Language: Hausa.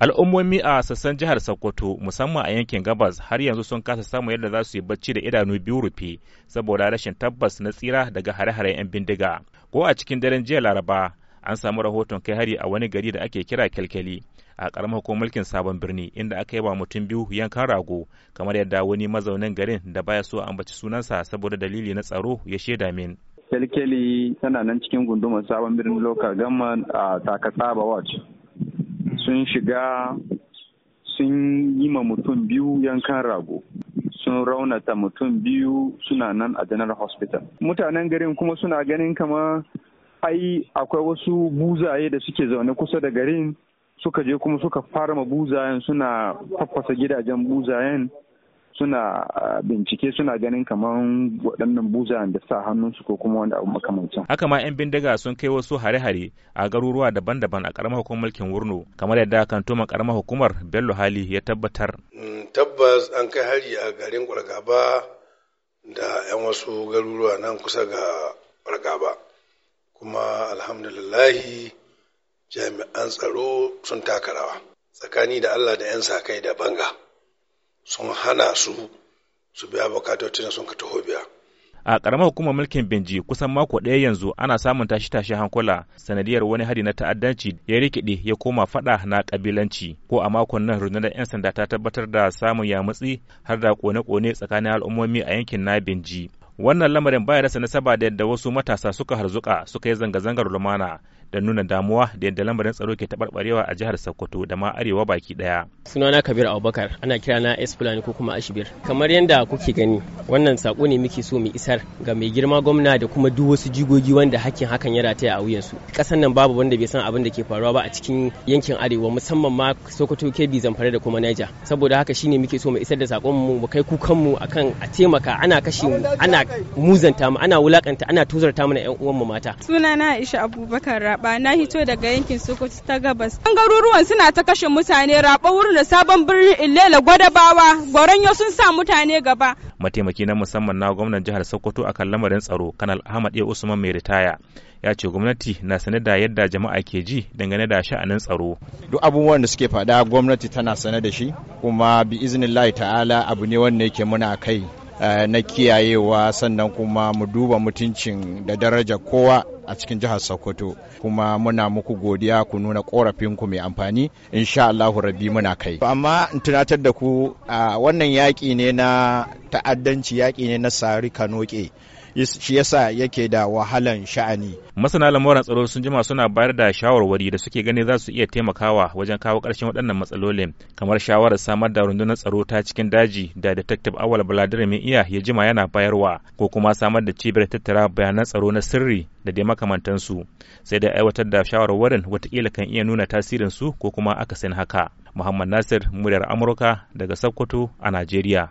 Al'ummomi a sassan jihar Sokoto musamman a yankin gabas har yanzu sun kasa samun yadda za su yi bacci da idanu biyu rufe saboda rashin tabbas na tsira daga hare-haren 'yan bindiga. Ko a cikin daren jiya Laraba an samu rahoton kai hari a wani gari da ake kira kyalkyali a karamar hukumar mulkin sabon birni inda aka yi wa mutum biyu yankan rago kamar yadda wani mazaunin garin da baya so a ambaci sunansa saboda dalili na tsaro ya shaida min. Kyalkyali tana nan cikin gundumar sabon birnin local government a Takasaba Watch. sun shiga sun yi ma mutum biyu yankan rago sun raunata mutum biyu suna nan a general hospital mutanen garin kuma suna ganin kama ai akwai wasu buzaye da suke zaune kusa da garin suka je kuma suka fara ma buzayen suna faffasa gidajen buzayen suna ah, bincike suna ganin kamar waɗannan buzayen da sa hannunsu ko kuma wani abu makamancin. Haka ma 'yan bindiga sun kai wasu hare-hare a garuruwa daban-daban a ƙaramar hukumar mulkin Wurno kamar yadda kan tuma ƙaramar hukumar Bello Hali ya tabbatar. Mm, tabbas an kai hari a garin Kwargaba da 'yan wasu garuruwa nan kusa ga Kwargaba. Kuma alhamdulillahi jami'an tsaro sun taka rawa tsakani da Allah da 'yan sa kai da banga. sun hana su su biya sun ka taho A ƙaramar hukumar mulkin Benji kusan mako ɗaya yanzu ana samun tashi-tashi hankula sanadiyar wani hari na ta'addanci ya rikide ya koma faɗa na ƙabilanci ko a makon nan rundunar 'yan sanda ta tabbatar da samun yamutsi har da kone-kone tsakanin al'ummomi a yankin na Benji. Wannan lamarin baya rasa nasaba da yadda wasu matasa suka harzuka suka yi zanga-zangar lumana da nuna damuwa da yadda lambarin tsaro ke taɓarɓarewa a jihar Sokoto da ma arewa baki ɗaya. Sunana Kabir Abubakar ana kira na Esplani ko kuma Ashbir. Kamar yadda kuke gani wannan sako ne muke so mu isar ga mai girma gwamna da kuma duk wasu jigogi wanda hakkin hakan ya rataya a wuyansu. Kasan nan babu wanda bai san abin da ke faruwa ba a cikin yankin arewa musamman ma Sokoto Kebbi Zamfara da kuma Niger. Saboda haka shine muke so mu isar da sakon mu mu kai kukan mu akan a taimaka ana kashe mu ana muzanta mu ana wulakanta ana tozarta mana yan uwan mu mata. Sunana Aisha Abubakar raba na hito daga yankin Sokoto ta gabas. An garuruwan suna ta kashe mutane raba wurin da sabon birnin illela Gwadabawa yau sun sa mutane gaba. Mataimaki na musamman na gwamnan jihar Sokoto kan lamarin tsaro Kanal Ahmad E Usman mai ritaya ya ce gwamnati na sane da yadda jama'a ke ji dangane da sha'anin tsaro. Duk abubuwan da suke faɗa gwamnati tana sane da shi kuma bi iznillahi ta'ala abu ne wanda yake muna kai eh, na kiyayewa sannan kuma mu duba mutuncin da daraja kowa a cikin jihar Sokoto kuma muna muku godiya ku nuna korafin ku mai amfani insha Allahu rabi muna kai amma in tunatar da ku wannan yaƙi ne na ta'addanci yaƙi ne na sari kanoke shi yasa yake da wahalan sha'ani masana lamuran tsaro sun jima suna bayar da shawarwari da suke gani za su iya taimakawa wajen kawo ƙarshen waɗannan matsalolin kamar shawarar samar da rundunar tsaro ta cikin daji da detective awal baladir mai iya ya jima yana bayarwa ko kuma samar da cibiyar tattara bayanan tsaro na sirri da dai makamantansu sai da aiwatar da shawarwarin watakila kan iya nuna tasirin su ko kuma aka akasin haka muhammad nasir muryar amurka daga sokoto a najeriya